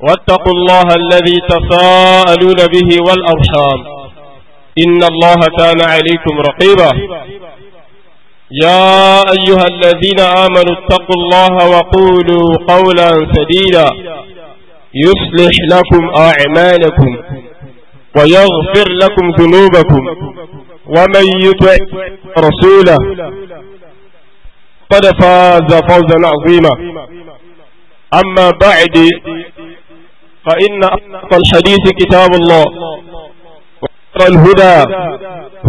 واتقوا الله الذي تساءلون به والأرحام إن الله كان عليكم رقيبا يا أيها الذين آمنوا اتقوا الله وقولوا قولا سديدا يصلح لكم أعمالكم ويغفر لكم ذنوبكم ومن يطع رسوله قد فاز فوزا عظيما أما بعد فإن أصدق الحديث كتاب الله وخير الهدى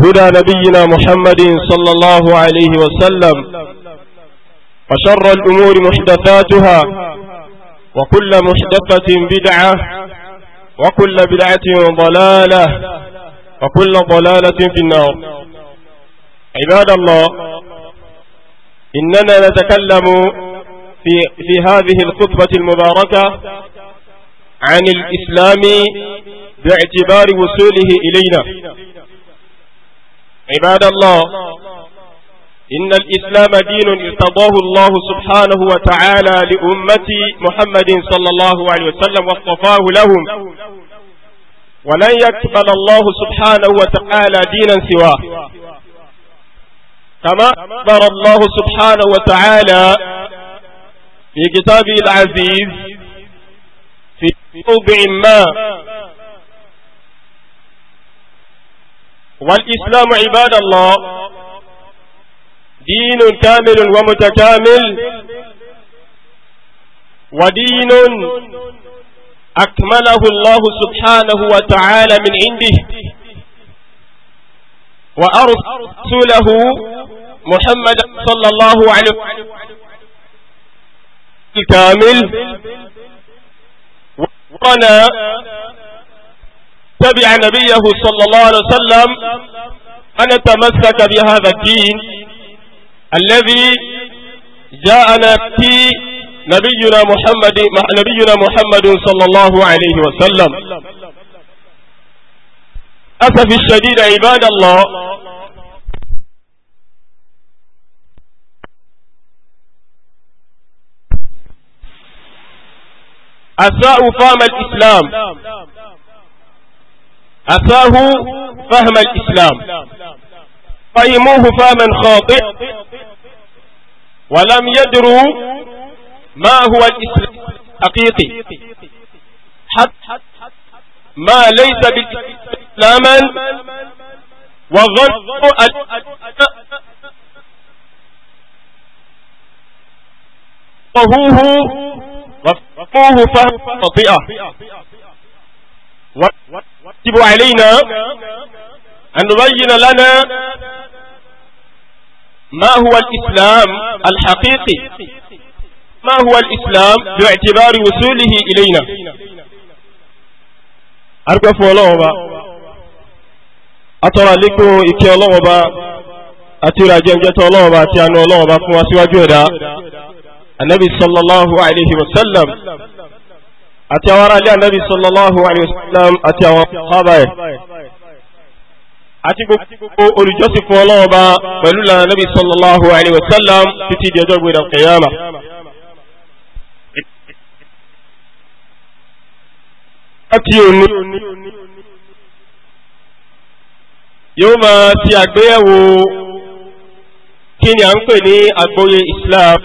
هدى نبينا محمد صلى الله عليه وسلم وشر الأمور محدثاتها وكل محدثة بدعة وكل بدعة ضلالة وكل ضلالة في النار عباد الله إننا نتكلم في, في هذه الخطبة المباركة عن الإسلام باعتبار وصوله إلينا عباد الله إن الإسلام دين ارتضاه الله سبحانه وتعالى لأمة محمد صلى الله عليه وسلم واصطفاه لهم ولن يقبل الله سبحانه وتعالى دينا سواه كما أخبر الله سبحانه وتعالى في كتابه العزيز في موضع ما والإسلام عباد الله دين كامل ومتكامل ودين أكمله الله سبحانه وتعالى من عنده وأرسله محمد صلى الله عليه وسلم الكامل قال تبع نبيه صلى الله عليه وسلم أن تمسك بهذا الدين الذي جاءنا في نبينا محمد نبينا محمد صلى الله عليه وسلم أسف الشديد عباد الله أساءوا فهم الإسلام أساءوا فهم الإسلام فهموه فهما خاطئ ولم يدروا ما هو الإسلام حقيقي حتى ما ليس بالإسلام وظنوا وهوه قوم خطيئة ويجب علينا أن نبين لنا ما هو الإسلام الحقيقي ما هو الإسلام باعتبار وصوله إلينا أرقف ولوبا أترى لكم إكي ولوبا أترى جمجة ولوبا أتيان الله فما سوى جودا anabi sallallahu alayhi wa sallam àti àwọn aráàlú anabi sallallahu alayhi wa sallam àti àwọn ọ̀hábà ẹ̀ àti gbogbo olùjọ́sìn fún ọlọ́wọ́ bá pẹ̀lú lànà anabi sallallahu alayhi wa sallam títí di ọjọ́ gbéra kẹyàmà. láti òní yóò máa ti àgbéyẹ̀wò kí ni à ń pè ní àgbọ́yé Islam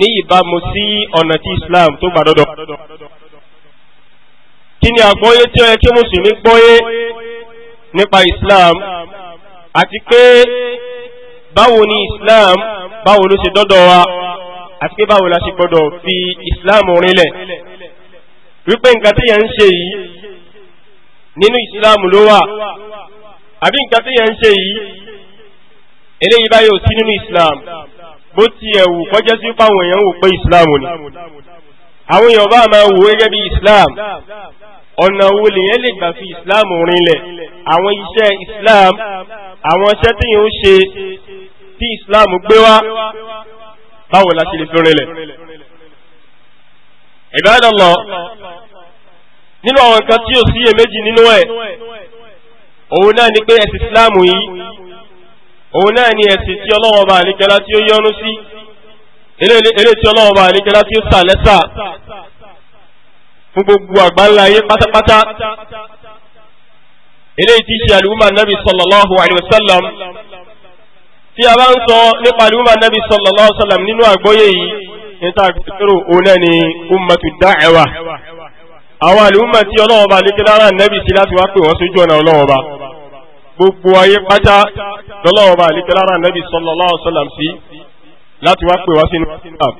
ní ìbámu sí ọ̀nà tí Islam tó gbà dọ́dọ̀. kí ni àgbọ́yé tí ó yẹ kí mùsùlùmí gbọ́yé nípa Islam àti pé báwo ni Islam báwo ló ṣe dọ́dọ̀ wa àti pé báwo la ṣe gbọ́dọ̀ fi Islam rinlẹ̀ wípé nǹkan tí yẹn ń ṣe yìí nínú Islam ló wà àbí nǹkan tí yẹn ń ṣe yìí eléyìí báyìí ò sí nínú Islam. Islam bó ti ẹ̀wù kọjá sí fáwọn èèyàn wò pé islam ni àwọn èèyàn bá máa wò gẹ́gẹ́ bí islam ọ̀nà wo lèyàn lè gbà fi islam rinlẹ̀ àwọn iṣẹ́ islam àwọn iṣẹ́ tí yóò ṣe tí islam gbé wá báwo la ṣe lè fi rinlẹ̀ Ibadallah nínú àwọn nǹkan tí ò sí èméjì nínú ẹ̀ òun náà ni pé ẹ̀sìn islam yìí òun náà ni ẹ̀sìn tí ọlọ́wọ́ bá àníkẹ́lá tí ó yọ́nú sí eré tí ọlọ́wọ́ bá àníkẹ́lá tí ó sà lẹ́sà fún gbogbo àgbáńlá ayé pátápátá eré tí ṣe àlùmọ́ nàbì sallallahu alaihi wasallam tí a bá ń sọ nípa àlùmọ́ nàbì sallallahu alaihi wasallam nínú àgbọ́yé yìí níta àgbẹ̀tẹ̀rò òun náà ni ummatu da'wa àwọn àlùmọ́ tí ọlọ́wọ́ bá àníkẹ́lá rà nàbì sí láti wá pè wọ́n sójú ọ̀nà ọlọ́wọ́ bá gbogbo ayé pátá lọ́lọ́wọ́ bá àlíkẹ́ lára nẹ́bí sallallahu alaihi wasallam sí láti wá pè wá sínú islam.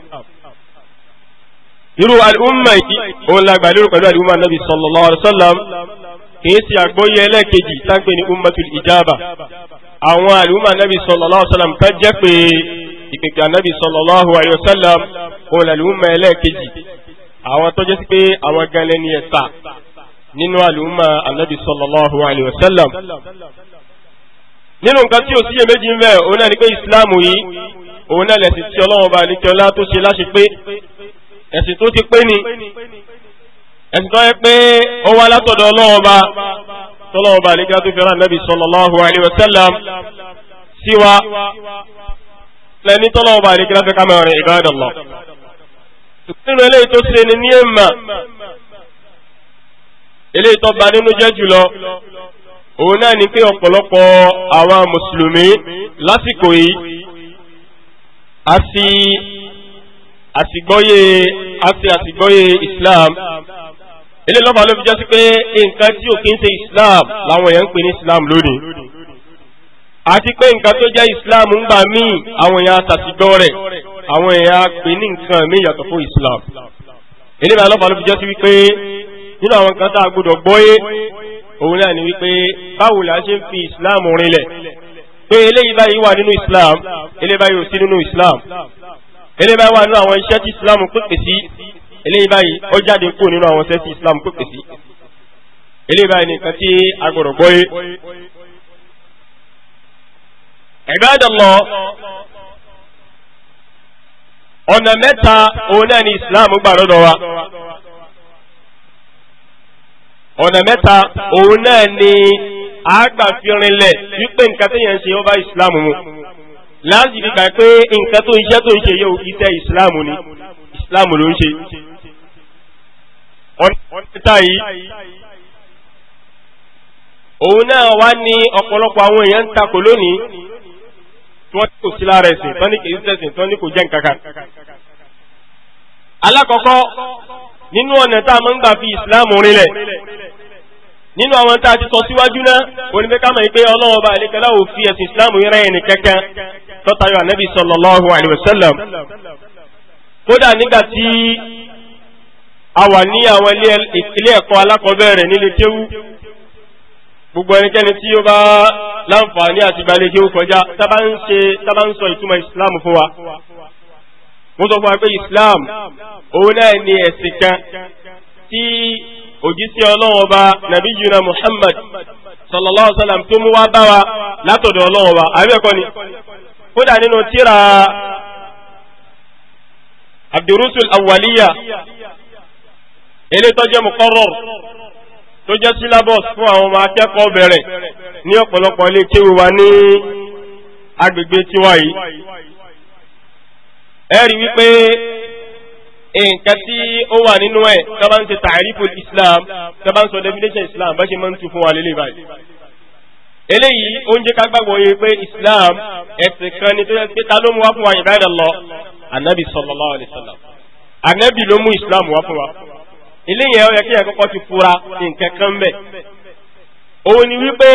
irú àlùmọ̀ yìí òun la gbàlérò pẹ̀lú àlùmọ̀ nẹ́bí sallallahu alaihi wasallam kìí ṣe àgbóyé ẹlẹ́ẹ̀kejì tágbé ní ummatul ijaba àwọn àlùmọ̀ nẹ́bí sallallahu alaihi wasallam ká jẹ́ pé ìpèkè ànẹ́bí sallallahu alaihi wasallam òun làlùmọ̀ ẹlẹ́ẹ̀kejì àwọn tó jẹ́ sí pé àwọn gan lẹ́ni ẹ̀ta nínú àlùmọ́ ànábì sallallahu alayhi wa sallam nínú nǹkan tí ò sí èméjì ń bẹ̀ òun náà ni pé ìsìláàmù yìí òun náà lẹ̀sìn tí ọlọ́wọ́n bá ní kíọlá tó ṣe láṣẹ pé ẹ̀sìn tó ti pé ni ẹ̀sìn tó yẹ pé ó wá látọ̀dọ̀ ọlọ́wọ́n bá tọ́lọ́wọ́n bá ní kíọlá tó fi sallallahu alayhi wa sallam sí wa lẹ́ni tọ́lọ́wọ́n bá ní kíọlá fẹ́ ká mẹ́rin ìbáradàlọ́ nínú eléyìí tó ṣe ni ní èèmà eléyìí tó bà nínú jẹ́ jùlọ òun náà ni pé ọ̀pọ̀lọpọ̀ àwọn mùsùlùmí lásìkò yìí àti àtìgbọ́yé àti àtìgbọ́yé islam eléyìí lọ́ba ló fi jẹ́ sí pé nǹkan tí ò kí ń ṣe islam làwọn èèyàn ń pè ní islam lónìí àti pé nǹkan tó jẹ́ islam ń gbà míì àwọn èèyàn àtàtìgbọ́ rẹ̀ àwọn èèyàn pè ní nǹkan míì yàtọ̀ fún islam eléyìí lọ́ba ló fi jẹ́ sí wípé nínú àwọn kan tá a gbọ́dọ̀ gbọ́yé òun náà ni wípé báwo la ṣe ń fi islam rinlẹ̀ pé eléyìí báyìí wà nínú islam eléyìí báyìí ò sí nínú islam eléyìí báyìí wà nínú àwọn iṣẹ́ tí islam pèpè sí eléyìí báyìí ó jáde kúrò nínú àwọn iṣẹ́ tí islam pèpè sí eléyìí báyìí nìkan tí a gbọ́dọ̀ gbọ́yé. Ibadallah ọ̀nà mẹ́ta òun náà ni islam gbà lọ́dọ̀ wa ọ̀nà mẹ́ta òun náà ni àgbà fi rinlẹ̀ wípé nǹkan tó yẹn ń ṣe ọba ìsìláàmù mu láti fi gbà pé nǹkan tó iṣẹ́ tó ń ṣe yóò iṣẹ́ ìsìláàmù ni ìsìláàmù ló ń ṣe ọ̀nà mẹ́ta yìí òun náà wá ní ọ̀pọ̀lọpọ̀ àwọn èèyàn ń takò lónìí tí wọ́n kò sí lára ẹ̀sìn tán ní ní kò jẹ́ nǹkan kan alákọ̀ọ́kọ́ nínú ọ̀nà tá a máa ń gbà fi ìsìláàmù rinlẹ̀ nínú àwọn tá a ti sọ síwájú náà onífẹ́ká mọ̀ pé ọlọ́run ọba àlekẹ́lá ò fi ẹ̀sìn ìsìláàmù rẹ̀ ẹni kankan tọ́tayọ ànábì sallallahu alaihi wasallam kódà nígbà tí a wà ní àwọn ilé ẹ̀kọ́ alákọ̀ọ́bẹ̀rẹ̀ nílé kéwú gbogbo ẹnikẹ́ni tí ó bá láǹfààní àti ìgbàlejò kọjá mo sọ fún wa pé islam òun náà ni ẹ̀sìn kan tí òjíṣẹ́ ọlọ́run ọba nàbí yuna muhammad sallallahu alaihi wasallam tó mú wá bá wa látọ̀dọ̀ ọlọ́run ọba àbí ẹ̀kọ́ ni kódà nínú tíra abdurusul awaliya eléyìí tó jẹ́ muqarrar tó jẹ́ syllabus fún àwọn ọmọ akẹ́kọ̀ọ́ bẹ̀rẹ̀ ní ọ̀pọ̀lọpọ̀ ilé kéwì wa ní agbègbè tiwa yìí ẹ̀rí wípé nǹkan tí ó wà nínú ẹ̀ tó bá ń ṣe tàrífù islam tó bá ń sọ definition islam bá ṣe máa ń tu fún wa lélẹ̀ báyìí eléyìí oúnjẹ ká gbàgbọ́ yẹ pé islam ẹ̀sìn kan ni tó yẹ pé ta ló mú wá fún wa ibadallah anabi sallallahu alayhi wa sallam anabi ló mú islam wá fún wa eléyìí ó yẹ kí yẹn kọ́kọ́ ti fura nǹkan kan bẹ̀ òun ni wípé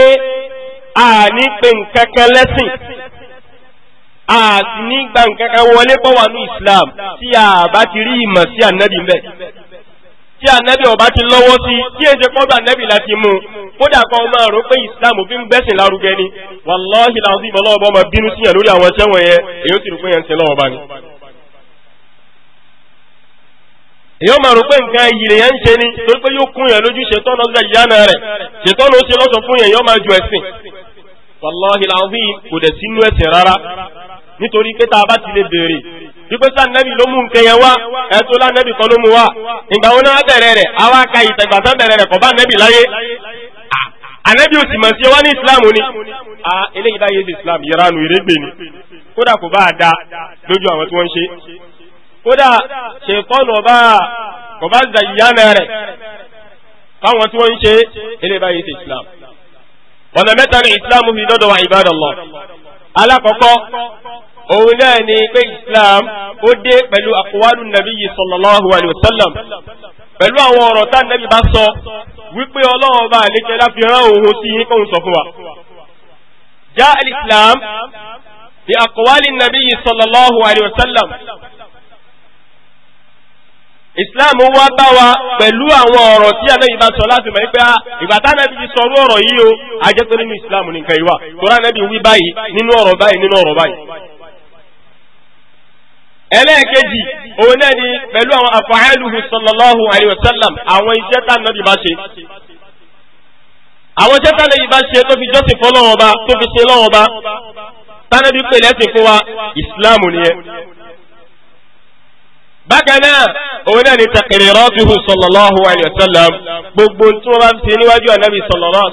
a ní pé nǹkan kan lẹ́sìn a sì gba nǹkan kan wọlé pọ̀ wà ní islam tí a bá ti rí ìmọ̀ sí ànábì mbẹ́ tí ọba ti lọ́wọ́ sí tí èyí ṣe láti mú kan islam fi ń gbẹ́sìn ni wàláhì làwọn sí ìbọlọ́wọ́ bá ọmọ bínú síyàn lórí àwọn ẹṣẹ́ wọn yẹn èyí sì rò pé yẹn ni. èyí ó máa rò pé nǹkan yẹn ń ṣe ni torí pé yóò kún yẹn lójú ṣètọ́nà ìyáná rẹ̀ ṣètọ́nà ó ṣe lọ́sọ̀ fún yẹn máa ju ẹ̀sìn nítorí pé tá a bá ti lè béèrè wípé sá nẹ́bì ló mú nkẹyẹ wá ẹ̀tọ́ lá nẹ́bì kan ló mú wá ìgbà wo náà bẹ̀rẹ̀ rẹ̀ àwa ka ìtẹ̀gbà tán bẹ̀rẹ̀ rẹ̀ kọ̀ bá nẹ́bì láyé ànẹ́bì ò sì mọ̀ sí wá ní islam ni a eléyìí báyé ṣe islam yẹra nu ìrégbè ni kódà kò bá a da lójú àwọn tí wọ́n ń ṣe kódà ṣèkọ́nù ọba kò bá zàyíyánà rẹ̀ fáwọn tí wọ́n ń ṣe eléyìí báyé ṣe islam ọ̀nà mẹ́ta ni islam fi dọ́dọ̀ wa ibadallah alákọ̀ọ́kọ́ òun náà ni pé islam ó dé pẹ̀lú àkọwádù nàbí yìí sallallahu alayhi wa sallam pẹ̀lú àwọn ọ̀rọ̀ tá nàbí bá sọ wípé ọlọ́run ọba àlékẹ́ láfi rán òun sí yín kóhun sọ fún wa. já islam bí àkọwádù nàbí yìí sallallahu alayhi wa sallam islam wá bá wa pẹ̀lú àwọn ọ̀rọ̀ tí ànábì bá sọ láti mọ̀ pé ah, ìgbà tá ànábì ti sọrú ọ̀rọ̀ yìí o a nínú islam nìkan yìí tó rà ànábì wí báyìí nínú ọ̀rọ̀ báyìí nínú ọ̀rọ̀ báyìí ẹlẹ́ẹ̀kejì òun náà ni pẹ̀lú àwọn afa'aluhu sallallahu alayhi wa sallam àwọn iṣẹ́ tá nàbì bá ṣe àwọn iṣẹ́ tá nàbì bá ṣe tó fi jọ́sìn fún Ọlọ́run Ọba tó fi ṣe Ọlọ́run Ọba tánàbí pè lẹ́sìn fún wa ìsìláàmù nìyẹn bákan náà òun náà ni taqriratuhu sallallahu alayhi wa gbogbo tí wọ́n bá ṣe níwájú ànábì sallallahu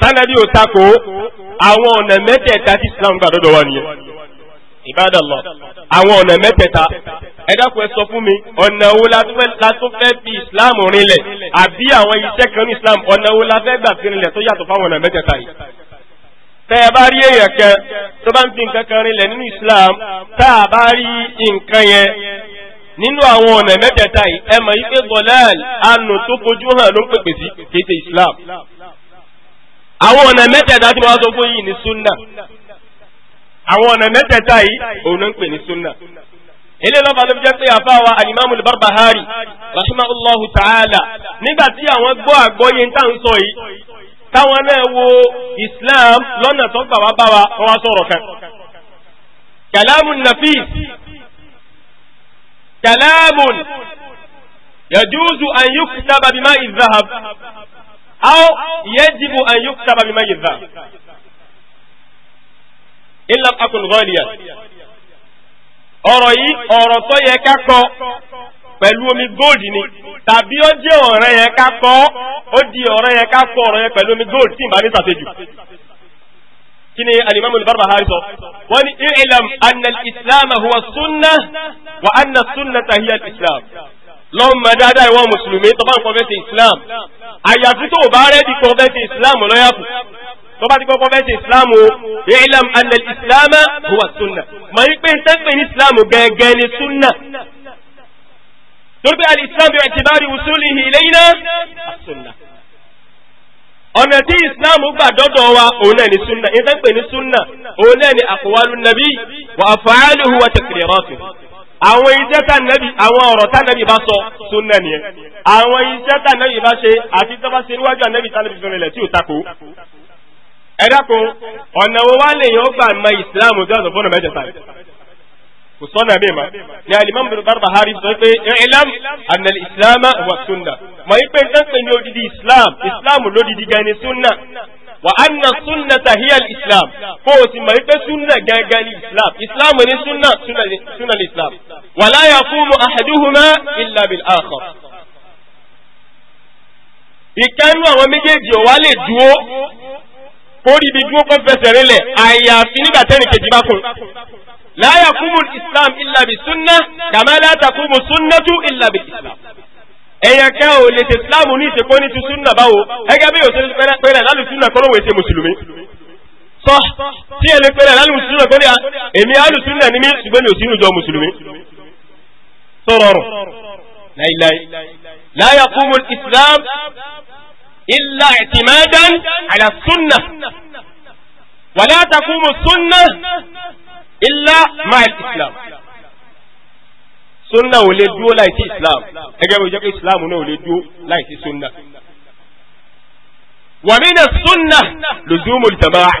tánàbí ò takò àwọn ọ̀nà mẹ́tẹ̀ẹ̀ta tí ìsìláàmù gbàdọ́dọ̀ wa nìyẹn ìbádàlọ́ àwọn ọ̀nà mẹ́tẹ̀ẹ̀ta ẹ dákun ẹ sọ fún mi ọ̀nà wo la tó fẹ́ fi islam rinlẹ̀ àbí àwọn iṣẹ́ kan ní islam ọ̀nà wo la fẹ́ gbà fi rinlẹ̀ tó yàtọ̀ fáwọn ọ̀nà mẹ́tẹ̀ẹ̀ta yìí tẹ́ ẹ bá rí èèyàn kan tó bá ń fi nǹkan kan rinlẹ̀ nínú islam tá a bá rí nǹkan yẹn nínú àwọn ọ̀nà mẹ́tẹ̀ẹ̀ta yìí ẹ mọ̀ yí pé gọ̀láàl anù tó fojú hàn ló ń pèpè sí kéde islam àwọn ọ̀nà mẹ́tẹ̀ẹ̀ta tí wọ́n sọ fún yìí ní sunna àwọn ọ̀nà mẹ́tẹ̀ẹ̀ta yìí òun náà ń pè ní sunna ilé lọ́ba ló fi jẹ́ pé àfáwa alimami barbahari rahimahullahu ta'ala nígbà tí àwọn gbọ́ àgbọ́yé ń tà ń sọ yìí táwọn náà wo islam lọ́nà tó gbà wá bá wa wọ́n wá sọ̀rọ̀ kan. kalamun nafis kalamun yajuzu an yuktaba bima izahab aw yajibu an yuktaba bima izahab ilà akùnrọ̀nìyà ọ̀rọ̀ yìí ọ̀rọ̀ tó yẹ ká kọ pẹ̀lú omi góòdì ni tàbí ó jẹ́ ọ̀rẹ́ yẹn ká kọ ó di ọ̀rẹ́ yẹn ká kọ ọ̀rọ̀ yẹn pẹ̀lú omi góòdì tí n bá ní sàtẹ́jù kí ni alimami al-Barbahari sọ wọ́n ní ilam anna islam huwa sunna wa anna sunna tahiya islam lọ́mọ dáadáa ìwọ mùsùlùmí tó bá ń kọ́ fẹ́ ti islam àyàfi tó bá rẹ́ di kọ́ fẹ́ ti islam lọ́yàfù tó bá ti kọ́kọ́ fẹ́ ṣe ìsìláàmù ìlàm anna ìsìláàmù huwa súnà mọ̀ ní pé sẹ́pẹ̀ ní ìsìláàmù gẹ́gẹ́ ni súnà torí pé alìsìláàmù bí ẹ̀tìbárì wùsùlì ilayna súnà ọ̀nà tí ìsìláàmù gbà dọ́dọ̀ wa òun náà ni súnà ní sẹ́pẹ̀ ní súnà òun náà ni àkọwálù nàbí wà fàálùhù wà tẹ̀kìrìrọ́sì àwọn iṣẹ́ tánàbí àwọn ọ̀rọ̀ tánàbí bá sọ súnà nìyẹn àwọn iṣẹ́ tánàbí bá ṣe àti tó bá ṣe níwájú ànàbí tánàbí fẹ́rẹ̀ lẹ̀ tí ò takò ẹ dákun ọ̀nà wo wá lè yàn ó gbà mọ ìsìláàmù tó ọ̀sán fọ́nà mẹ́tẹ̀ẹ̀ta kò sọ́nà bí ma ni alimami bin Barbahari sọ pé ilam anna islam wa sunna mọ̀ yí pé n tẹ́sán ní odidi islam islam lódidi gan sunna wa anna sunna tahiya islam kó o sì mọ̀ sunna gangan islam islam ni sunna sunna islam wa la yaqumu ahaduhuma illa bil akhar ìkẹ́rù àwọn méjèèjì ò wá lè dúó kórì ibi dúró kọ́ fẹsẹ̀ rinlẹ̀ àyàfi nígbà tẹ́nì kejì bá kún. láyà kúmù islam illa bi sunna kàmá láta kúmù sunnatu illa bi islam. ẹ̀yà ká ò lè ṣe islam ní ìṣèkó ní ti sunna báwo ẹgẹ́ bí òṣèlú pẹ́rẹ́ lálù sunna kọ́ lóun èsè mùsùlùmí. sọ tí ẹ lè pẹ́rẹ́ lálù sunna kọ́ ní à èmi àlù sunna ní mí ṣùgbọ́n ní òsínú jọ mùsùlùmí. sọ̀rọ̀ illa i'timadan ala sunnah wala taqumu sunnah illa ma'a islam sunna ò lè dúó láìsí islam ẹgẹ́ bí ó jẹ́ pé islam náà ò lè dúó láìsí sunna wa min sunna luzumu al-jama'a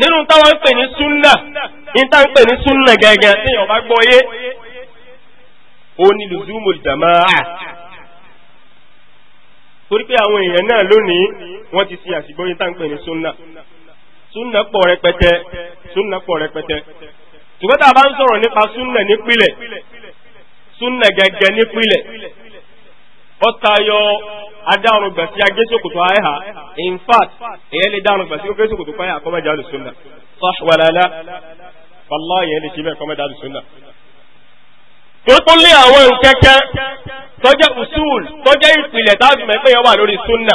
nínú táwọn ń pè ní súnnà níta ń pè ní súnnà gẹ́gẹ́ tí yọ̀bá gbọ́yé ó ní lùzúmù jàmáà torí pé àwọn èèyàn náà lónìí wọ́n ti fi àṣìgbọ́yé táǹpẹ̀ ní súnà súnà pọ̀ rẹpẹtẹ súnà pọ̀ rẹpẹtẹ ṣùgbọ́n tá a bá ń sọ̀rọ̀ nípa súnà nípìlẹ̀ súnà gẹ́gẹ́ nípìlẹ̀ ó tayọ adáhùn gbà sí agésòkòtò àìhà in fact èyẹ lè dáhùn gbà sí agésòkòtò pàyà àkọ́mẹ́jà lù súnà sah walala wallahi èyẹ lè ṣe bẹ́ẹ̀ kọ́mẹ́jà lù súnà. tó tún lé àwọn nǹkan kan tọ́jẹ́ usul tọ́jẹ́ ìpìlẹ̀ táàbí mẹ́fẹ́ yẹn wà lórí súnà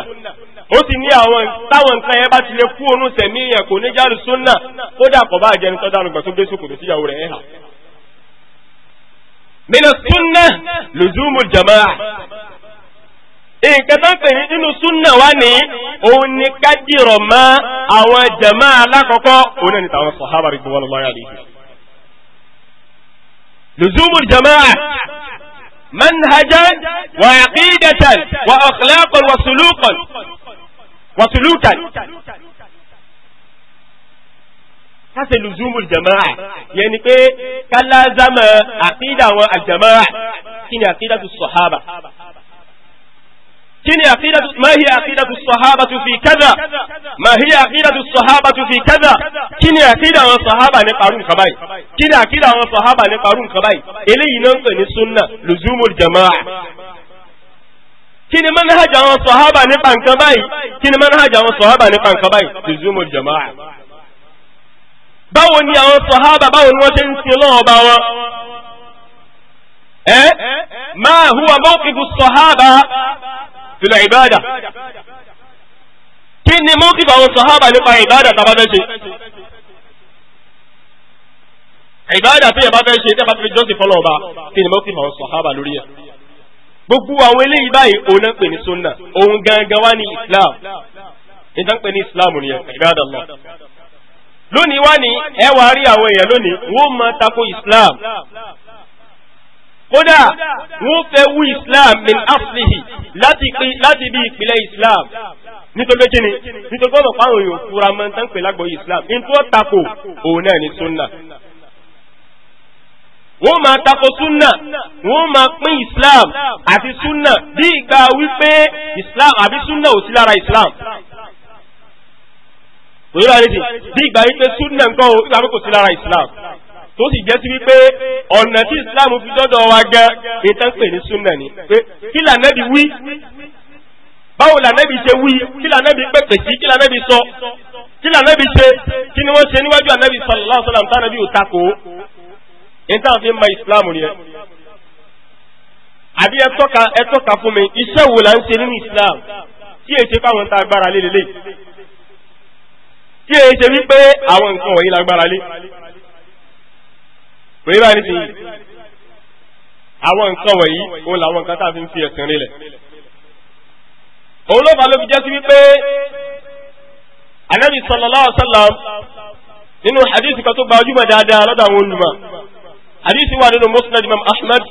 ó sì ní àwọn táwọn nǹkan yẹn bá ti lè kú oorun sẹ̀mí yẹn kò ní jáde súnà kódà kọ̀ bá jẹni tọ́jà àrùngbà tó gbé sókòtò síyàwó rẹ̀ ẹ̀hà. min súnà luzumul jamaa منهجا وعقيدة وأخلاقا وسلوكا وسلوكا هذا لزوم الجماعة يعني كلا زما عقيدة والجماعة كنا عقيدة الصحابة كني عقيدة ما هي عقيدة الصحابة في كذا ما هي عقيدة الصحابة في كذا كني عقيدة الصحابة نقارون خباي كني عقيدة الصحابة نقارون خباي إلي ننقل السنة لزوم الجماعة كني منهج الصحابة نقارون خباي كني منهج الصحابة نقارون خباي لزوم الجماعة باون يا إيه؟ الصحابة باون báwo ni wọ́n ṣe ń sin lọ́wọ́ bá في العبادة. kí ni mọ́kì الصحابة sàhábà nípa ìbáàdà tàbá fẹ́ ṣe ìbáàdà tó yẹn bá fẹ́ ṣe tẹ́bà fẹ́ jọ́sìn fọ́lọ́ ọba kí ni mọ́kì fàwọn sàhábà lórí ẹ̀ gbogbo àwọn eléyìí báyìí òun náà pè ní sunna òun gangan wá ní islam ìdán pè ní islam ni ìbáàdà lọ lónìí wá ní ẹwà rí àwọn èèyàn lónìí wọ́n máa tako islam kódà wọ́n fẹ́ wú islam min aslihi láti bí ìpìlẹ̀ islam nítorí kí ni nítorí gbọ́dọ̀ fáwọn èèyàn fura máa ń tán pè lágbọ̀ islam in tó tako òun náà ni sunna wọ́n máa tako sunna wọ́n máa pín islam àti sunna bí ìgbà wípé islam àbí sunna ò sí lára islam òyìnbó àdéjì bí ìgbà wípé sunna nǹkan ò ìgbà wípé kò sí lára islam tó sì jẹ́ sí wípé ọ̀nà tí islam fi dọ́dọ̀ wa gan ìtàn pè ní súnà ni pé kí lànàbí wí báwo lànàbí ṣe wí kí lànàbí pèpè sí kí lànàbí sọ kí lànàbí ṣe kí ni wọ́n ṣe níwájú ànàbí sallallahu alaihi wasallam tánàbí ò takò ìtàn fi ń ma islam nìyẹn àbí ẹ tọ́ka ẹ tọ́ka fún mi iṣẹ́ wo là ń ṣe nínú islam tí èyí ṣe fáwọn tá agbára lé lélẹ̀ tí èyí ṣe wípé àwọn nǹkan wọ̀nyí lágbára lé pé bá ní sìn àwọn nǹkan wọ̀nyí òun làwọn nǹkan tá a fi ń fi ẹ̀sìn rí lẹ̀ òun ló fà ló fi jẹ́ sí wípé anabi sallallahu alaihi wasallam nínú hadithi kan tó gbajúmọ̀ dáadáa lọ́dọ̀ àwọn olùmọ̀ hadithi wà nínú musnad imam ahmad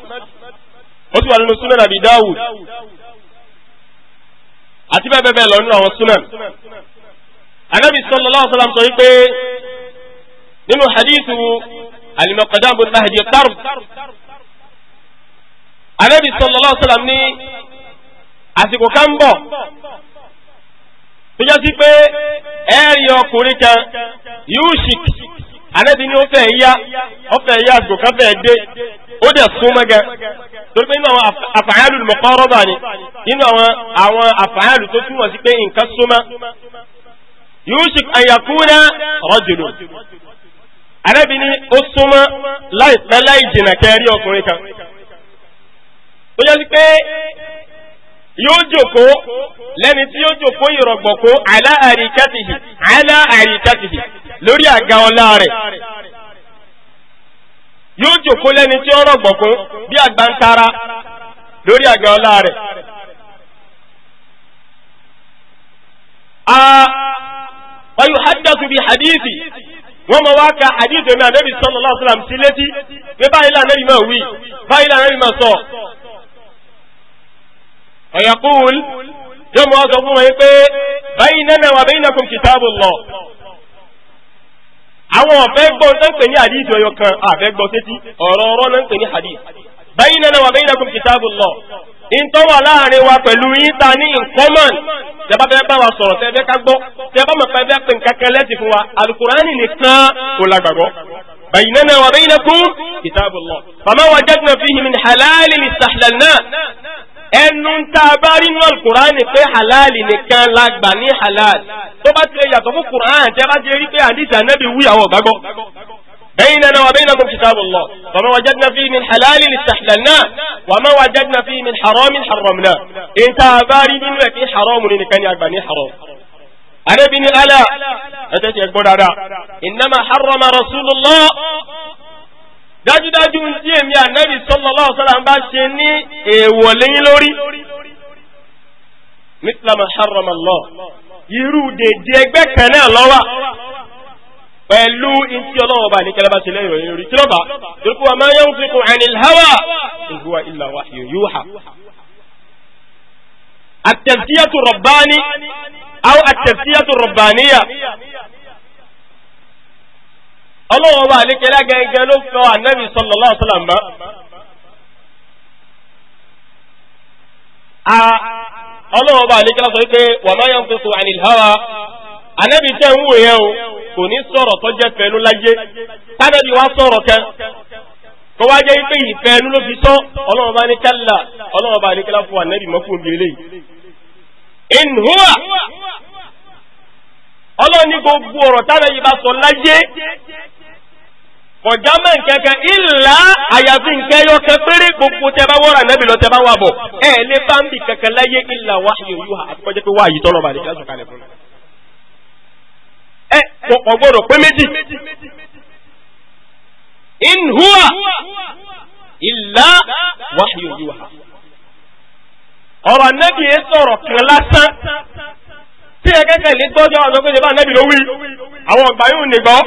ó sì wà nínú sunan abi dawud àti bẹ́ẹ̀ bẹ́ẹ̀ lọ nínú àwọn sunan anabi sallallahu alaihi sọ wípé nínú hadithu al-Miqdam bin Mahdi Karb anabi sallallahu alaihi wasallam ní àsìkò kan ń bọ̀ tó jẹ́ sí pé ẹ̀rí ọkùnrin kan yushik anabi ní ó fẹ́ yá ó fẹ́ yá àsìkò kan fẹ́ dé ó dẹ̀ súnmọ́ gẹ torí pé nínú àwọn àfàyàlù al-muqaraba ni nínú àwọn àwọn àfàyàlù tó túmọ̀ sí pé nǹkan súnmọ́ yushik an yakuna rajulun Ànábì ní ó súnmọ́ láìpẹ́ láì jìnà kẹrí ọkùnrin kan ó jẹ́ sí pé yóò jòkó lẹ́ni tí yóò jòkó ìrọ̀gbọ̀kó àlá àríkàtìhì àlá àríkàtìhì lórí àga ọlá rẹ̀ yóò jòkó lẹ́ni tí ó rọ̀gbọ̀kó bí àgbàntara lórí àga ọlá rẹ̀. a wáyé hajjá tu bí hadithi wọ́n mọ̀ wá ka àdíjọ mi ànábì sallallahu alaihi wasallam sí létí pé báyìí lànà ìmọ̀ wí báyìí lànà ìmọ̀ sọ. ọ̀yàkùn yóò mọ̀ sọ fún wọn pé báyìí nana wa bainakum kitabullah. àwọn ọ̀fẹ́ gbọ́ ń pè ní àdíjọ yọ kan àfẹ́ gbọ́ sétí ọ̀rọ̀ ọ̀rọ̀ ń pè ní hadith. báyìí nana wa bainakum kitabullah ìtọ́wà láàrin wa pẹ̀lú yín ta ní common tẹ́bá fẹ́ bá wa sọ̀rọ̀ tẹ́fẹ́ ká gbọ́ tẹ́bá mọ̀ fẹ́ pín kankan lẹ́sìn fún wa alukurani nìkan kò lágbàgbọ́ baynana wa baynakum kitabullah fama wajadna fihi min halali istahlalna ẹnu tá a bá rí nínú alukurani pé halali nìkan la gbà ní halal tó bá tilẹ̀ yàtọ̀ fún kurani tẹ́bá rí pé àdìsí ànábì wúyàwó gbàgbọ́ بيننا وبينكم كتاب الله فما وجدنا فيه من حلال استحللناه وما وجدنا فيه من حرام حرمناه انت باري من في حرام ان كان يغبني حرام انا بني الا اتت يغبن هذا انما حرم رسول الله dájúdájú ń نسيم يا ànábì صلى الله عليه وسلم ṣe ní لوري lẹ́yìn lórí mithla ma harrama Allah irú dèdè ẹgbẹ́ kan pẹ̀lú ìtí ọlọ́run ọba ní kẹlẹ́bá sí lẹ́yìn òyìnrí tí lọ́ba tó kú wa ma yanfiqu anil hawa in huwa illa wahyun yuha. at-tazkiyatu rabbani aw at-tazkiyatu rabbaniyya ọlọ́run ọba ní kẹlẹ́ gẹ́gẹ́ ló fẹ́ ànábì sallallahu alaihi wasallam ọlọ́run ní kẹlẹ́ sọ wípé wa ma yanfiqu anil ànábì tẹ́ ń wò yẹn o kò ní sọ̀rọ̀ tó jẹ́ fẹ́nu láyé tánábì wá sọ̀rọ̀ kan tó wá jẹ́ pé ìfẹ́nu ló fi sọ ọlọ́run bá ní kálá ọlọ́run bá ní kálá fún ànábì mọ́kùn bí eléyìí. in ọlọ́run ní gbogbo ọ̀rọ̀ tánábì bá sọ láyé kọjá mẹ́ nkẹ́kẹ́ ìlà àyàfi nkẹ́ yọ kẹfẹ́rẹ́ gbogbo tẹ bá wọ́ra nẹ́bí lọ bá wà ẹ kò gbọ́dọ̀ pé méjì in huwa illa wahyu yuha ọ̀rọ̀ anábì yẹn sọ̀rọ̀ kan lásán tí ẹ kẹ́kẹ́ lè gbọ́jọ́ ọ̀sán pé ṣe bá anábì ló wí àwọn ọ̀gbà yóò nìgbọ́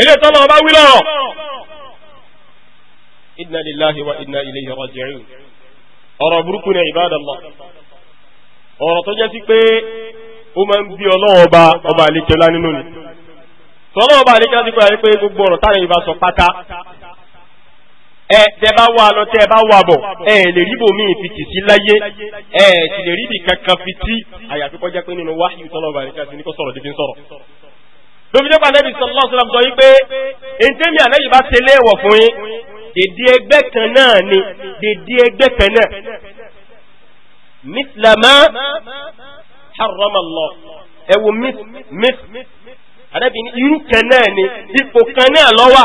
ilé tọ́lọ ọba wí lọ́rọ̀ inna lillahi wa inna ilayhi raji'un ọ̀rọ̀ burúkú ni ibadallah ọ̀rọ̀ tó jẹ́ ó máa ń bí ọlọ́wọ́ ọba ọba àlejòlá nínú ni tọ́lọ́wọ́ ọba àlejòlá ti pẹ́ pé gbogbo ọ̀rọ̀ táwọn ìbá sọ pátá ẹ tẹ bá wà lọ tẹ bá wà bọ̀ ẹ lè rí bòmíì fi tì sí láyé ẹ sì lè rí bì kankan fi tí àyàfi kọjá pé nínú wáhíù tọ́lọ́wọ́ ọba àlejòlá ti ní kó sọ̀rọ̀ dídí ń sọ̀rọ̀ lóbi jẹ́ pàdébì sọlọ́ sọlọ́ sọ yí pé ètèmi ànáyì bá tẹlé ẹ̀wọ̀ fún yín dèdè ẹgbẹ́ kan náà ni dèdè ẹgbẹ́ kan náà haramallah ẹ wo mit mit àdẹ́bí ní irú kan náà ni ipò kan náà lọ́wà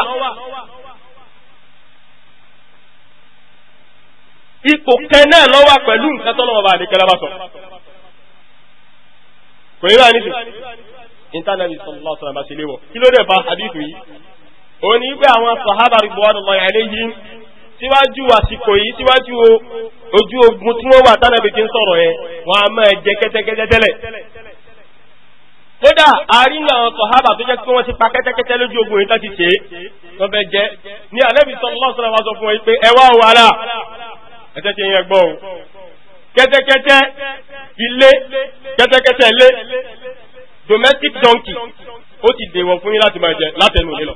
ipò kan náà lọ́wà pẹ̀lú nǹkan tọ́lọ́wọ́ bá àdékẹ́lá bá sọ kò ní bá ní sí intanẹ́tì sallallahu alaihi wasallam bá ti léwọ̀ kí ló dé bá hadith yìí òun ni wípé àwọn sahaba ridwanullahi alaihim síwájú àsìkò yìí síwájú ojú ogun tí wọ́n wà tánàbí ti ń sọ̀rọ̀ yẹn wọ́n á máa jẹ kẹ́tẹ́kẹ́tẹ́ tẹ́lẹ̀ kódà àárín àwọn sọ̀hábà tó jẹ́ pé wọ́n ti pa kẹ́tẹ́kẹ́tẹ́ lójú ogun yìí tàbí ṣe wọ́n fẹ́ jẹ́ ní ànábì sallallahu alaihi wasallam sọ fún wọn pé ẹ wá wà láà ẹ̀tẹ́ ti yẹn gbọ́ o kẹ́tẹ́kẹ́tẹ́ ilé kẹ́tẹ́kẹ́tẹ́ ilé domestic donkey ó ti dèwọ̀ fún yín láti máa jẹ látẹnu yìí lọ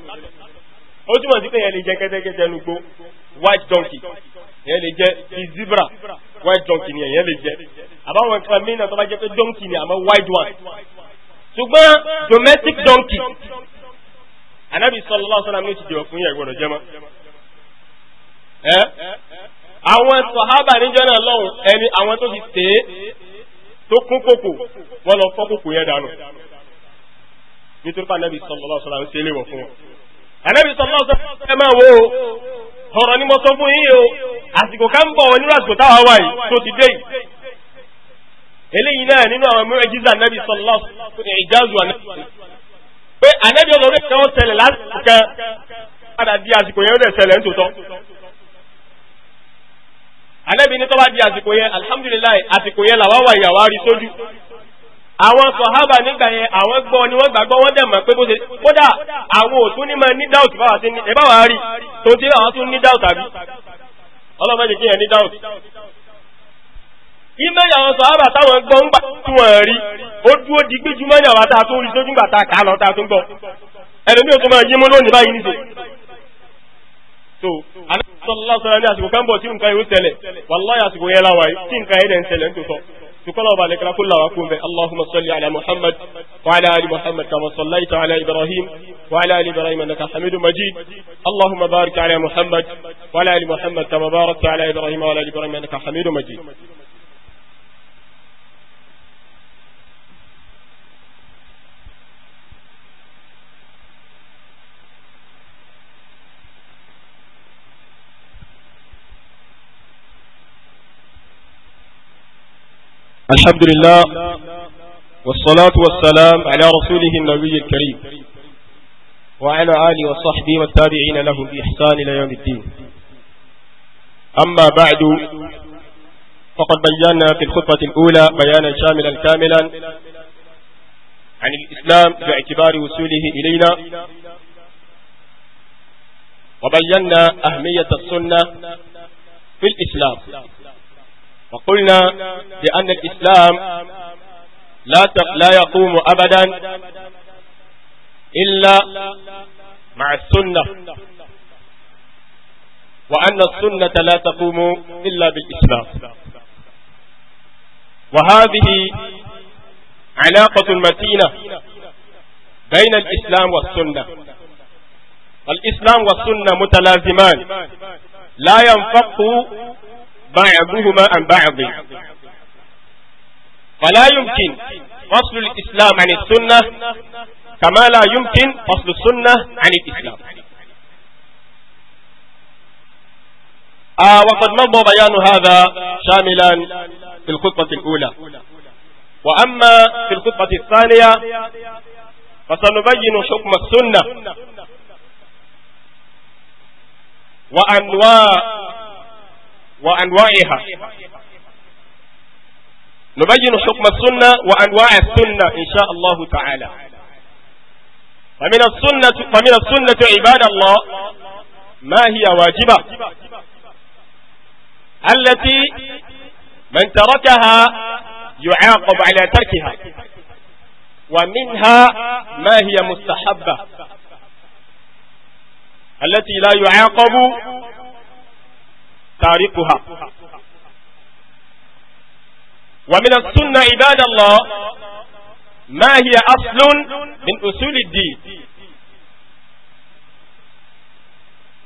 ó túmọ̀ sí pé yẹn lè jẹ kẹ́tẹ́kẹ́tẹ́ nugbó white donkey ìyẹn lè jẹ́ ti zebra white donkey ni ìyẹn lè jẹ́ àbáwọn nǹkan mìíràn tó bá jẹ́ pé donkey ni àmọ́ white one ṣùgbọ́n domestic donkey anabi sallallahu alaihi wasallam ní ti dìbò fún yẹn gbọ́dọ̀ jẹ́ mọ́ ẹ́ àwọn sọ̀hábà níjọ́ náà lọ́hùn ẹni àwọn tó ti tèé tó kún kòkò wọ́n lọ fọ́ kòkò yẹn dànù nítorí pé anabi sallallahu alaihi wasallam ń ṣe léwọ̀ fún wọn anabi sallallahu alaihi wasallam ẹ máa wo ọ̀rọ̀ ni mo sọ fún yín o àsìkò ká ń bọ̀ wọn nínú àsìkò táwa wà yìí tó ti dé yìí eléyìí náà nínú àwọn mu'jiza Nabi sallallahu ìjáàzù ànábì pé ànábì ọlọ́run kan ṣẹlẹ̀ lásìkò kan padà di àsìkò yẹn ó dẹ̀ ṣẹlẹ̀ nítòótọ́ ànábì ní tó di àsìkò yẹn alhamdulilayi àsìkò yẹn làwa wà ìyàwó àrí sójú àwọn sọ̀hábà nígbà yẹn àwọn gbọ́ ni wọ́n gbàgbọ́ wọ́n dẹ̀ mọ̀ pé bó ṣe kódà àwọn òtún ní máa ní dáùtù báwa sí ní ẹ̀bá wàá rí tó ti àwọn tún ní dáùtù àbí ọlọ́mọ jẹ́ yẹn ní dáùtù. ìmẹ̀yà àwọn sọ̀hábà táwọn gbọ́ ń gbà tí wọ́n rí ó dúró di gbíjú mọ́ a tún rí sójú gbàtà kà á lọ tá a gbọ́ ẹlòmíì ò máa yí mú lónìí báyìí so سكنا بالك كل وكم اللهم صل على محمد وعلى آل محمد كما صليت على إبراهيم وعلى آل إبراهيم أنك حميد مجيد اللهم بارك على محمد وعلى آل محمد كما باركت على إبراهيم وعلى آل إبراهيم أنك حميد مجيد الحمد لله والصلاة والسلام على رسوله النبي الكريم وعلى آله وصحبه والتابعين لهم بإحسان إلى يوم الدين أما بعد فقد بينا في الخطبة الأولى بيانا شاملا كاملا عن الإسلام باعتبار وصوله إلينا وبينا أهمية السنة في الإسلام وقلنا بأن الإسلام لا لا يقوم أبدا إلا مع السنة وأن السنة لا تقوم إلا بالإسلام وهذه علاقة متينة بين الإسلام والسنة الإسلام والسنة متلازمان لا ينفق بعضهما عن بعض فلا يمكن فصل الإسلام عن السنة كما لا يمكن فصل السنة عن الإسلام آه وقد مضى بيان هذا شاملا في الخطبة الأولى وأما في الخطبة الثانية فسنبين حكم السنة وأنواع وأنواعها نبين حكم السنة وأنواع السنة إن شاء الله تعالى فمن السنة, فمن السنة عباد الله ما هي واجبة التي من تركها يعاقب على تركها ومنها ما هي مستحبة التي لا يعاقب تاركها ومن السنة عباد الله ما هي أصل من أصول الدين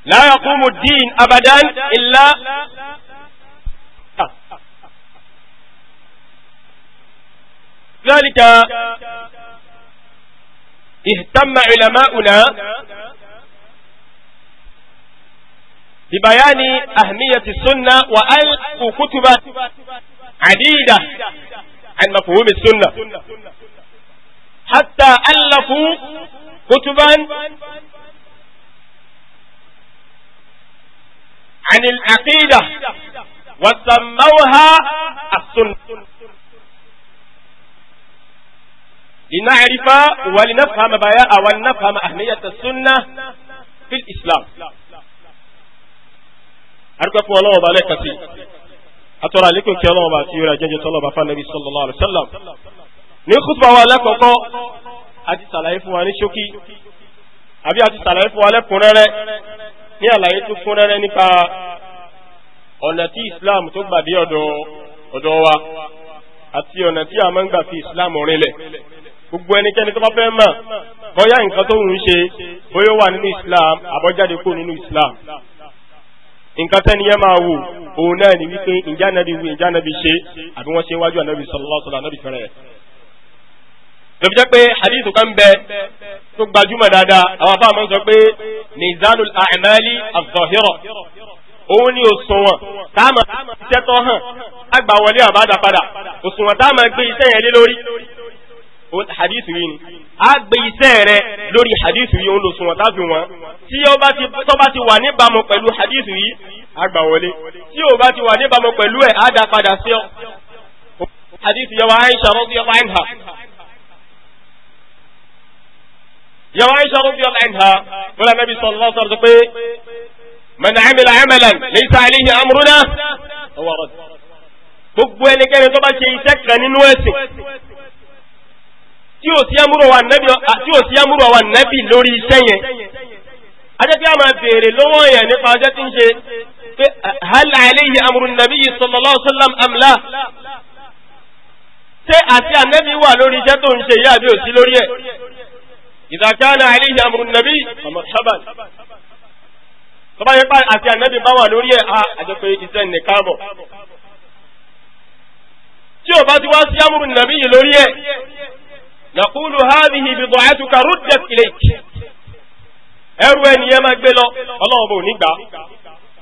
لا يقوم الدين أبدا إلا ذلك اهتم علماؤنا ببيان أهمية السنة وألف كتب عديدة عن مفهوم السنة حتى ألفوا كتبا عن العقيدة وسموها السنة لنعرف ولنفهم بياء ولنفهم أهمية السنة في الإسلام arúgbó fún ọlọ́wọ́ ọba lẹ́ẹ̀kan sí atọ́ra àlékún kí ọlọ́wọ́ ọba àti yorùbá jẹ́jẹ́ tọ́lọ́ba fanabi sallallahu alaihi wasallam ní kúfà wa lẹ́kọ̀ọ́kọ́ àti sàlàyé fún wa ní ṣókí àbí àti sàlàyé fún wa lẹ́kùnrẹ́rẹ́ ní àlàyé tó kúnrẹ́rẹ́ nípa ọ̀nà tí islam tó gbàdé ọ̀dọ̀ wa àti ọ̀nà tí a máa ń gbà fi islam rinlẹ̀ gbogbo ẹnikẹ́ni tó bá fẹ́ mọ̀ bóyá nǹkan tó ń ṣe bóyá wà nínú islam àbọ̀jáde kó nínú islam nǹkan tẹ́ni yẹn máa wò òun náà ni wípé ǹjẹ́ ànábì wí ǹjẹ́ ànábì ṣe àbí wọ́n ṣe wájú ànábì sallallahu alaihi wasallam ànábì fẹ́rẹ̀ lọ́bi jẹ́ pé hadith kan bẹ tó gbajúmọ̀ dáadáa àwọn afáàmọ́ sọ pé mizanul a'mali az-zahira òun ni òṣùwọ̀n táàmù iṣẹ́ tó hàn àgbà àbádàpadà òṣùwọ̀n táàmù gbé iṣẹ́ yẹn lé lórí hadith yìí ni a gbé iṣẹ́ rẹ lórí hadith yìí ó lò sunwọ̀n tá fi wọ́n tí ó bá ti tó bá ti wà níbàámu pẹ̀lú hadith yìí a gbà wọlé tí ó bá ti wà níbàámu pẹ̀lú ẹ̀ á dá padà sí ọ. hadith yẹn wà Aisha radiyallahu anha yẹn wà Aisha radiyallahu anha wọ́n lọ Nabi sallallahu alaihi wasallam pé man amila amalan laysa alayhi amruna gbogbo ẹnikẹ́ni tó bá ṣe iṣẹ́ kan nínú ẹ̀sìn tí ò sí àmúrò wa nẹ́bì lórí iṣẹ́ yẹn ajẹ́ tí a máa bèèrè lọ́wọ́ yẹn nípa ọjọ́ tí ń ṣe pé hal alayhi amru nabiyyi sallallahu alaihi wasallam am la ṣé àti ànẹ́bì wà lórí iṣẹ́ tó ń ṣe yá àbí òsí lórí ẹ̀ idha kana alayhi amru nabiyyi marhaban tọ́bá yẹ pa àti ànẹ́bì bá wà lórí ẹ̀ a àjọ iṣẹ́ nìkan tí ò bá ti wá sí amru nabiyyi lórí ẹ̀ nàkúlù hábìhì bìbọ̀ àtúkà rúdẹ̀ ìlẹ̀kì ẹrú ẹni yẹn máa gbé lọ ọlọ́run bò nígbà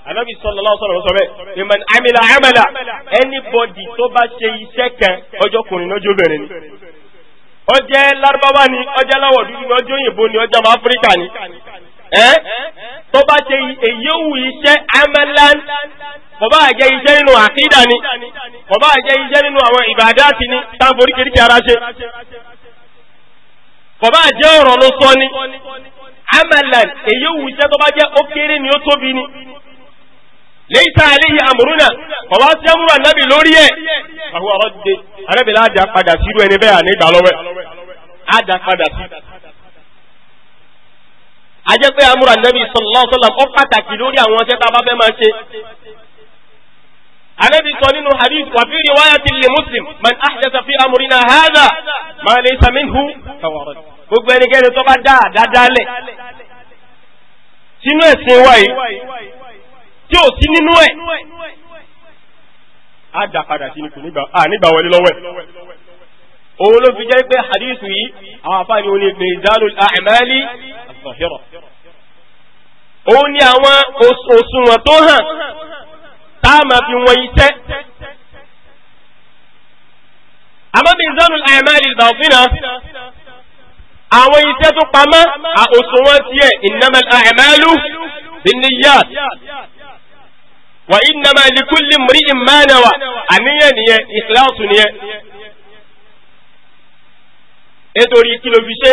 anabi sallallahu alaihi wasallam ìmọ̀n àmìlà àmàlà anybody tó bá ṣe iṣẹ́ kan ọjọ́ kùnrin lọ́jọ́ obìnrin ni ọjẹ́ lárúbáwá ni ọjẹ́ láwọ̀ dúdú ni ọjọ́ òyìnbó ni ọjọ́ áfíríkà ni ẹ́ tó bá ṣe èyíwù iṣẹ́ amalan kò bá jẹ́ iṣẹ́ nínú àkídà ni kò bá jẹ́ iṣẹ́ nínú àwọn ìbàdá ti ni táwọn oríkèéríkèé ara ṣe kọ̀bá jẹ́ ọ̀rọ̀ ló sọ ni amalan èyí wù iṣẹ́ tó bá jẹ́ ó kéré ni ó tóbi ni léyìítà àléyìí àmúrúnà kọ̀bá sí àmúrú ànábì lórí ẹ̀ àwọn ọ̀rọ̀ dìde ànábì láàjà padà sí irú ẹni bẹ́ẹ̀ àní ìgbà lọ́wẹ́ àjà padà sí. ajẹ́ pé àmúrú ànábì sallallahu alaihi wasallam pàtàkì lórí àwọn ọ̀sẹ̀ tá a bá fẹ́ máa ṣe. النبي صلى الله عليه وسلم وفي رواية لمسلم من أحدث في أمرنا هذا ما ليس منه فورد gbogbo ẹnikẹ́ni tó bá dá àdádálẹ̀ sínú ẹ̀sìn wa yìí tí ò sí nínú ẹ̀ á dà padà sí nìkú nígbà wọlé lọ́wọ́ ẹ̀ òun ló fi jẹ́ pé hadith yìí àwọn afáàní òun ni mizanul a'mali az-zahira òun ni àwọn òṣùwọ̀n tó hàn tá a máa fi wọn iṣẹ́ àmọ́ mizanul a'mali al-batina àwọn iṣẹ́ tó pamọ́ àòsùnwọ́n tí ẹ̀ innamal a'malu binniyat wa innama likulli imri'in ma nawa àníyàn nìyẹn ìsìláàtù nìyẹn nítorí kí ló fi ṣe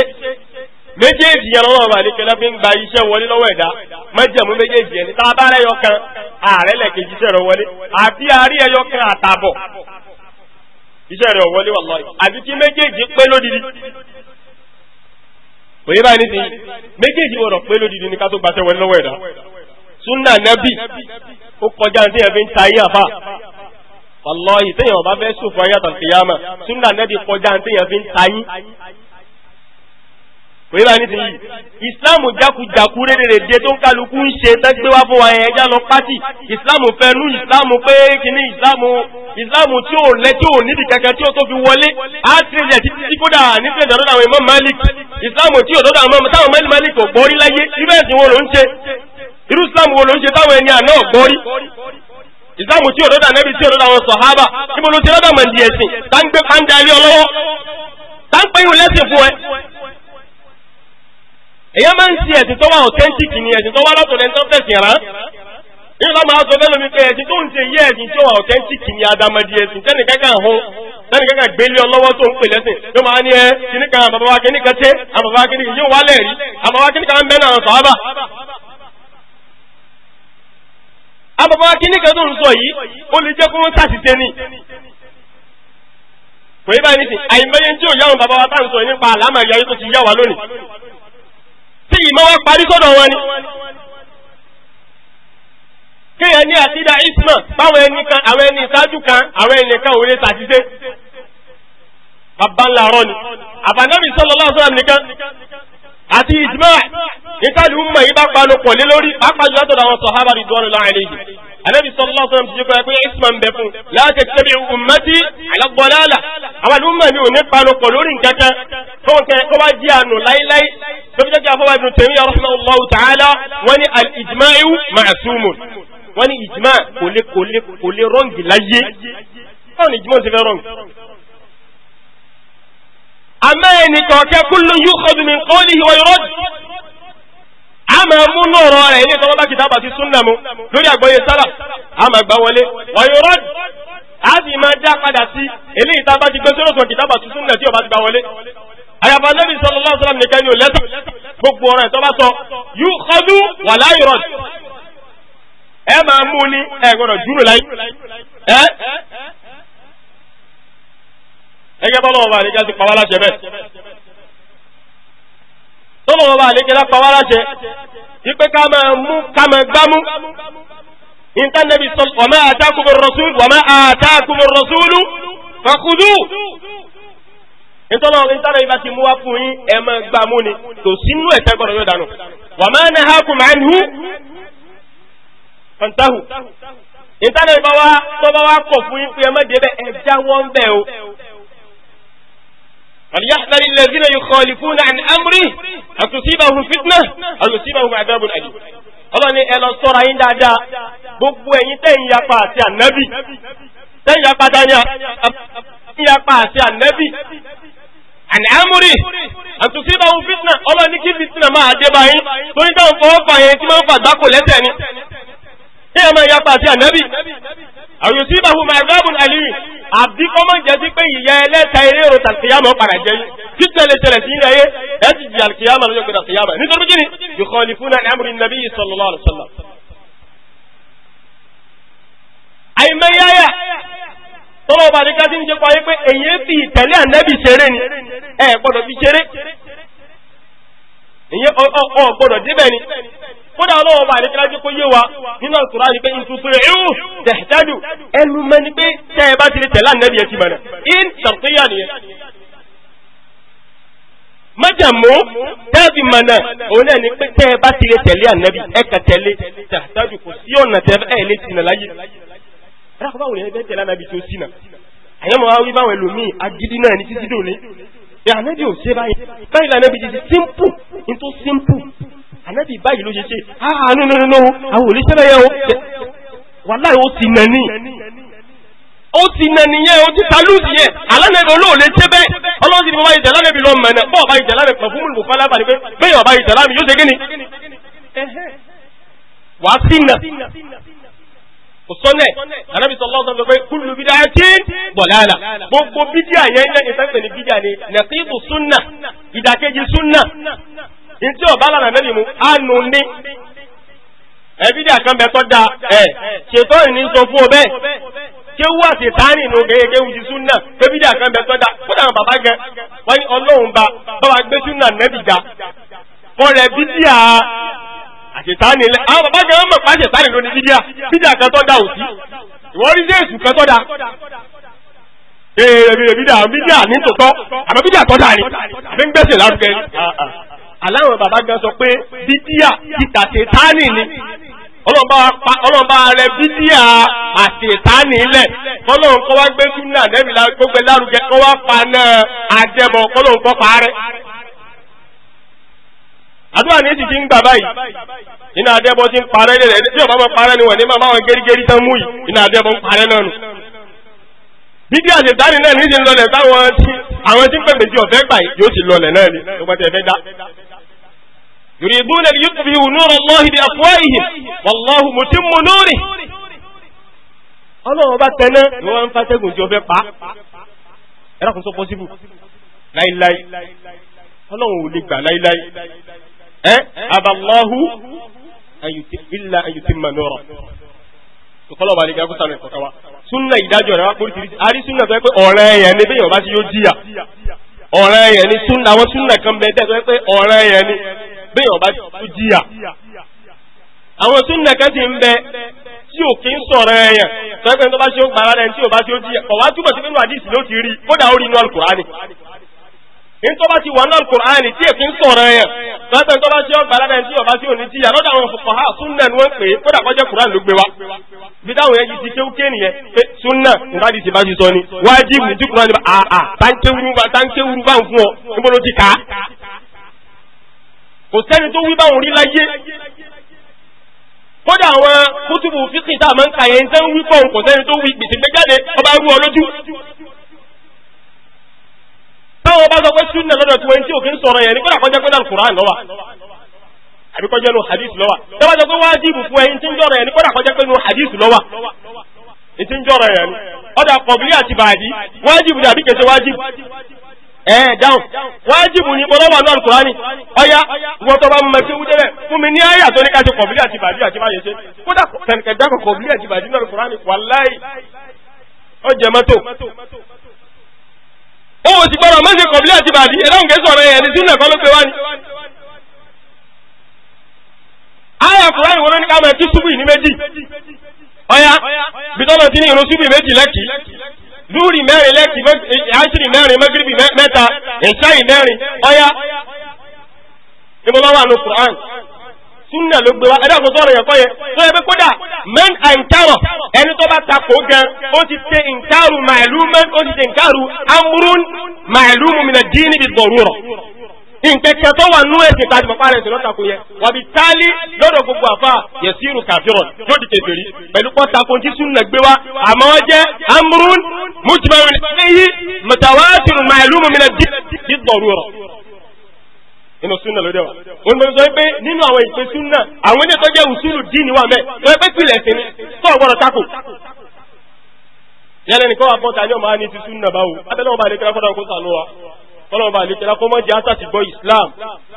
méjèèjì yẹn lọ́wọ́ wà ní kẹlẹ́ fi ń gba iṣẹ́ wọlé lọ́wọ́ ẹ̀dá mọ́jẹ̀mú méjèèjì ẹni tá a yọkan ààrẹ lẹ̀kejì iṣẹ́ rẹ̀ wọlé àbí àárí ẹ̀yọkan àtàbọ̀ iṣẹ́ rẹ̀ wọlé wallahi àbí kí méjèèjì pé lódìdí òye báyìí nísìn méjèèjì wọ̀rọ̀ pé lódìdí ní ká tó gbaṣẹ́ wọlé lọ́wọ́ ẹ̀dá súnà nẹ́bì ó kọjá ní ẹ̀fẹ́ ń ta yín àfà wàlọ́yì téèyàn bá fẹ́ sùn fún ayé àtàkìyàmà súnà nẹ́bì kọjá ní ẹ̀fẹ́ ń ta yín òye báyìí nísìn yìí ìsìláàmù jákujàku rédèrèdè tó ń kálukú ń ṣe tẹ́gbẹ́ wá fún wa yẹn ẹja lọ pátì ìsìláàmù fẹnu ìsìláàmù pé kíní ìsìláàmù ìsìláàmù tí ó lẹ tí ó nídìí kankan tí ó tó fi wọlé àtìrẹsẹ̀ títí tí kódà nítorí ọ̀dọ́ àwọn Imam Malik ìsìláàmù tí òdọ́dọ̀ àwọn táwọn Malik Malik kò gbọ́rí láyé irú ẹ̀sìn wo ló ń ṣe irú ìsìláàmù wo ló ń ṣe táwọn ẹni àná ọ̀gbọ́rí ìsìláàmù tí òdọ́dọ̀ ànẹ́bí tí òdọ́dọ̀ àwọn sọ̀hábà níbo ló ti rọ́dọ̀ mọ̀ndì ẹ̀sìn tá ń gbé pàǹdà ilé ọlọ́wọ́ tá ń pè yín lẹ́sìn fún ẹ èyàn máa ń ṣe ẹ̀sìn tó wà authentic ni ẹ̀sìn tó wà lọ́tọ̀ ní ọlọ́mọ àwọn sọfẹ́ lómi pé ẹ̀sìn tó ń ṣe yé ẹ̀sìn tí ó authentic ni adamadi ẹ̀sìn tẹ́nì kankan hun tẹ́nì kankan gbélé ọlọ́wọ́ tó ń pè lẹ́sìn ló máa ní ẹ kíní kan àbàbà wa kíní kan tẹ́ àbàbà kíní kan yóò wálẹ̀ rí àbàbà kíní kan ń bẹ́ náà sọ̀hábà. àbàbà kíní kan tó ń sọ yìí ó lè jẹ́ kó wọ́n ṣàṣìṣe ni. kò yí báyìí nísìn àìmọye tí ò yá ti yá wa lónìí. tí kéèyàn ní àtidá isma báwọn ẹni kan àwọn ẹni ìṣáájú kan àwọn ẹni kan ò lè ṣàtìṣe bàbá ńlá ọ̀rọ̀ ni àbànábì sallallahu alaihi wasallam nìkan àti ìjìmọ́ ìtàlù mọ̀ yí bá panu pọ̀ lé lórí pápá jù látọ̀dọ̀ àwọn sọ̀hábà rí dúró lọ́wọ́ àìlèyí ànábì sallallahu alaihi wasallam ti jẹ́ pé isma ń bẹ fún láti tẹ́bi ummati ala dalala àwọn àlùmọ̀ mi ò ní panu pọ̀ lórí nǹkan kan tó wá jí àánú láíláí tó fi jẹ́ kí afọ́wá ibn Taymiyyah rahimahullahu ta'ala wọ́n ní wọ́n ní ìjìmá kò lè kò lè kò lè rọ́ǹgì láyé báwọn ìjìmá ò ti fẹ́ rọ́ǹgì. àmọ́ ẹnì kọ̀ọ̀kẹ́ kullu yukhadhu min qawlihi wa yurad a máa mú lọ́rọ̀ rẹ̀ ilé tọ́lọ́bá kìtàbà ti súnnà mu lórí àgbọ́yé sálà a máa gbá wọlé wa yurad a sì máa já padà sí eléyìí tá bá ti gbé sórí òsàn kìtàbà súnnà tí ọba ti gbá wọlé àyàfà lẹ́bi sallallahu alaihi nìkan ni ò lẹ́tọ̀ gbogbo ọ̀rọ̀ ẹ̀ tọ́ba sọ yukhadhu wa la yurad ẹ máa mú ní ẹ gbọ́dọ̀ júrò láyé ẹ ẹgẹ bọ́lọ̀ ọba àlejò ti pàwọ́ aláṣẹ bẹ́ẹ̀ tọ́lọ̀ ọba àlejò ti pàwọ́ aláṣẹ wípé ká máa mú ká máa gbámú ìntánẹ́bì sọ wàmá àtàkùnmọ̀ rọ̀súlù wàmá àtàkùnmọ̀ rọ̀súlù fàkùdù ìtọ́lọ̀ ìtọ́lọ̀ ìbá ti mú wá fún yín ẹ máa gbámú ni kò sínú ẹ̀tẹ́ gbọ́dọ̀ yóò dànù wàmá náà hákùnmọ̀ fantahu ìtànà ìbáwá tó bá wá kọ̀ fún yín pé ẹ má débẹ̀ ẹ já wọn bẹ̀ o. فليحذر الذين يخالفون عن أمره أن تصيبهم فتنة أو يصيبهم عذاب أليم ọlọ́run ni ẹ lọ sọ́ra yín dáadáa gbogbo ẹ̀yin tẹ̀yìn yapa àti ànábì tẹ̀yìn yapa dání àti yapa àti ànábì àní àmúrí àtúnṣe ìbáwọ̀ fitna ọlọ́run ní kí fitna máa dé báyìí tó ní táwọn fọwọ́ fà yẹn tí wọ́n fà dákò lẹ́sẹ̀ ni ní ẹ̀mọ ìyapa àti ànábì àrùn tí bàbá ọmọ ẹgbẹ́bùn àlìyìn àbí kọ́mọ̀ jẹ́ sí pé ìyá ẹlẹ́ta eré ro tàkìyàmọ̀ padà jẹ́ yìí títẹ̀ lè ṣẹlẹ̀ sí ilẹ̀ ayé ẹ̀ ti di àkìyàmọ̀ lọ́jọ́ gbẹ̀dà kìyàmọ̀ nítorí kí ni yukhalifuna amri nàbí sallallahu alaihi wasallam. àìmẹ́yáyà tọ́lọ́ ọba àdéká sí ń jẹ́ pa pé èyí fi ìtẹ̀lé ànábì ṣeré ni ẹ̀ gbọ́dọ̀ fi ṣeré kódà ọlọ́wọ́ bá àlẹ́ kílájú kó yé wa nínú àkùrá ni pé ìtútúrẹ̀ irú tẹ̀dájú ẹnu mẹ́ ni pé tẹ́ ẹ bá ti lè tẹ̀lá nẹ́bí ẹ ti mọ̀nà in ṣàkóyà nìyẹn májàmú tẹ́ẹ̀bì mọ̀nà òun náà ni pé tẹ́ ẹ bá ti lè tẹ̀lé ànẹ́bí ẹ kà tẹ̀lé tẹ̀dájú kò sí ọ̀nà tẹ́ ẹ lè sinà láyé rákọ̀ báwo ni ní títí dòní ànábì báyìí ló ṣe ṣe ah, ah no no no no àwọn òlé sẹ́bẹ̀ yẹn o wàláì ó ti nà ní ó ti nà nìyẹn ó ti ta lùsì yẹn alánàbì olóòlé sẹ́bẹ̀ ọlọ́run ti ní báyìí jẹ̀ lánàbì lọ mọ̀ náà bọ́ọ̀ báyìí jẹ̀ lánàbì pẹ̀lú fún mùlùmù fálábà ni pé bẹ́ẹ̀ ọ̀báyìí jẹ̀ lánàbì yóò ṣe kí ni wàá sí nà sọ́nẹ̀ anábì sọ́lọ́ sọ́nà pé kúlù bídá tí bọ̀láàlà gbogbo bídíà yẹn jẹ́ ìtẹ́sẹ̀ ní bídíà ni nàkíkù ntí ọba lànà nẹ́bí mu ánú ní ẹbí dí àkànbẹ tó da ẹ ṣètò ìní sọ fún ọ bẹ́ẹ̀ kéwú àṣetánì nù gẹ́gẹ́ wù súnà ẹbí dí àkànbẹ tó da kódà àwọn bàbá gan wọn ni ọlọ́run ba báwa gbé súnà nẹ́bí ga fọlẹ̀ bídíà àṣetánì lẹ àwọn bàbá gan mọ̀ pé àṣetánì ló ní bídíà bídíà kan tó da òsì ìwọ́n rí jésù kan tó da ee bídíà bídíà ní tòótọ́ àmọ́ bídíà tó da ni àbí ń gbẹ́sẹ̀ lárugẹ ah, ah. aláwọn bàbá gan sọ pé bídíà títà ṣètánì ni ọlọ́ọ̀bá rẹ bídíà àṣetánì ilẹ̀ kọ́lọ́ọ̀n kọ́ wá gbé súnà nẹ́bí lárugẹ kọ́ wá pa náà kọ́lọ́ọ̀n kọ́ pa rẹ. àdúrà ní ń gbà báyìí ti ń parẹ́ tí máa parẹ́ ni ní máa máa gẹ́rígẹ́rí tán mú yìí ń parẹ́ náà nù. bídíà يريدون ليطفئوا نور الله بأفواههم والله متم نوره ọlọ́run bá tẹná ni wọ́n ń fàtẹ́gùn tí ó fẹ́ pa ẹ̀rọ̀kùn tó pọ́síbù láíláí ọlọ́run ò lè gbà láíláí ẹ́ aballahu ilá ayùtí manọ́rọ̀ ìkọlọ̀ bá lè gbà kúta mẹ́kọ̀ọ́kọ́wá súnà ìdájọ́ rẹ̀ wá póríṣiríṣi a rí súnà tó yẹ pé ọ̀rẹ́ ẹ̀yẹ̀ ní bẹ́yàn bá ti yóò jìyà ọ̀rẹ́ yẹn ni àwọn súnà kan bẹ tẹ́tọ́ pé ọ̀rẹ́ yẹn ni béèyàn bá tó jìyà àwọn súnà kan ti ń bẹ tí ò kí ń sọ̀rọ̀ ẹ̀yàn tọ́jú pé tó bá ṣe ó gbàrà rẹ̀ tí ò bá ṣe ó jìyà kọ̀ túbọ̀ sí nínú àdìsí ló ti rí kódà ó rí inú al ntọ́ bá ti wà náà kùránì tí èkín sọ̀rọ̀ yẹn lọ́tọ̀ ntọ́ ti ọgbà aládà tí ọba tí ò ní ti yà lọ́dọ̀ àwọn fuqaha súnà ni wọ́n pè é kódà kọjá kùránì ló gbé wa bí táwọn yẹn ti kéwú ké nìyẹn pé súnà nígbà tí ìbá ti sọ ni wájìbù tí kùránì bá àà táńkéwúrú bá táńkéwúrú bá ń fún ọ níbo ló ti kà á. kò sẹ́ni tó wí báwọn rí láyé kódà àwọn kútùbù fíkì wọ́n sọ pé súnà lọ́dọ̀ tí wọ́n tí òkè ń sọ̀rọ̀ yẹn ní kọ́dà kọjá pé al-Qur'an lọ́wà àbí kọjá nu hadith lọ́wà tẹ́wọ́n sọ pé wájìbù fún ẹyin tí ń jọ̀rọ̀ yẹn ní kọ́dà kọjá pé nu hadith lọ́wà ètí ń jọ̀rọ̀ yẹn ọ̀dà kọ̀bílì àti bàdí wájìbù dàbí kèsè wájìbù ẹ̀ dáhùn wájìbù ní bọ́lọ́wà lọ́rùn kùránì ọya wọ́n tó bá mọ̀ sí wújẹ́ rẹ̀ fún mi ní ayé àtọ́ní káṣe kọ̀bílì àti bàdí àti báyẹ̀ ṣe kódà tẹ̀lẹ̀kẹ̀dá kọ̀bílì àti bàdí lọ́rùn kùránì wàláì ọjẹ́ mọ́tò ó sì gbọ́dọ̀ mọ́ṣe kọ̀bílẹ̀ àti bàdí ẹ̀dáhùn kẹsàn ọ̀rẹ́ ẹ̀ni sínú ẹ̀kọ́ ló pe wá ni. ayé àkùrá ìwọ lóní káàmù ẹtí súbù ní méjì ọ̀yá bitọ́lọ̀ ti ní irun súbù méjì lẹ́kì lúrì mẹ́rin lẹ́kì àṣírí mẹ́rin mẹ́gírìbì mẹ́ta ìṣáì mẹ́rin ọ̀yá ìbọn bá wà ní Kùránì súnà ló gbé wa ẹ̀dá kò sọ̀rọ̀ yẹn kọ́ yẹn tó yẹ pé kódà men and taro ẹni tó bá takò gan ó ti ṣe nkaru màálù men ó ti ṣe nkaru amúrún màálù mùmìnà dín níbi dọ̀rúrọ̀ nkẹ̀kẹ́ tó wà nú ẹ̀sìn tàbí pàpà rẹ̀ sí lọ́tàkùn yẹn wà bí tálí lọ́dọ̀ gbogbo àfà yẹ̀sírù kàfíràn tó di kèfèrí pẹ̀lú pọ́tàkùn tí súnà gbé wa àmọ́ wọ́n jẹ́ amúrún mùtìmọ̀rún ẹ̀yí mùtàwátìrù màálù mùmìnà dín níbi dọ̀rúrọ̀ inú súnà ló dé wa. ó ní sọ pé nínú àwọn ìpè súnà àwọn ilé tó jẹ́ usulu díìnì wà mẹ́ sọ pé pilẹ̀ sí ni tó gbọ́dọ̀ tako. yálẹ̀ nìkan wà bọ́ta ni ọmọ àní ti súnà báwo abẹ́lẹ́ wọn bá àlekẹ́lá kọ́dà kó sànú wa kọ́lọ́ bá àlekẹ́lá kọ́ mọ́jà átà gbọ́ Islam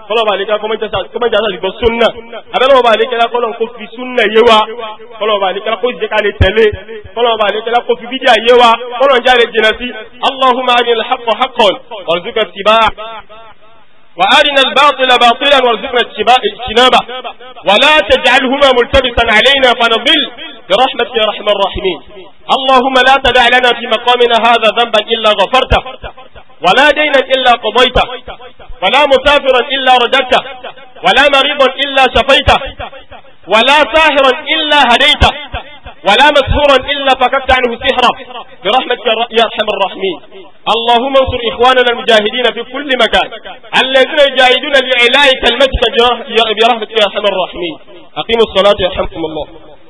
kọ́lọ́ bá àlekẹ́lá kọ́ mọ́jà átà gbọ́ súnà abẹ́lẹ́ wọn bá àlekẹ́lá kọ́lọ́ kó fi súnà yé wa kọ́lọ́ bá àlekẹ́lá kó jẹ́ ká lè tẹ̀lé kọ́lọ́ bá àlekẹ́lá kó fi bídíà yé wa kọ́lọ́ jẹ́ àlejò náà sí Allahumma arinil haqqa haqqan warzuqna ittiba'a وأرنا الباطل باطلا وارزقنا اجتنابه ولا تجعلهما ملتبسا علينا فنضل برحمتك يا أرحم الراحمين اللهم لا تدع لنا في مقامنا هذا ذنبا إلا غفرته ولا دينا إلا قضيته ولا مسافرا إلا رددته ولا مريضا إلا شفيته ولا ساهرا إلا هديته ولا مسحورا إلا فكفت عنه سحرا برحمتك يا أرحم الراحمين اللهم انصر إخواننا المجاهدين في كل مكان الذين يجاهدون لإعلاء كلمتك برحمتك يا أرحم الراحمين أقيموا الصلاة يرحمكم الله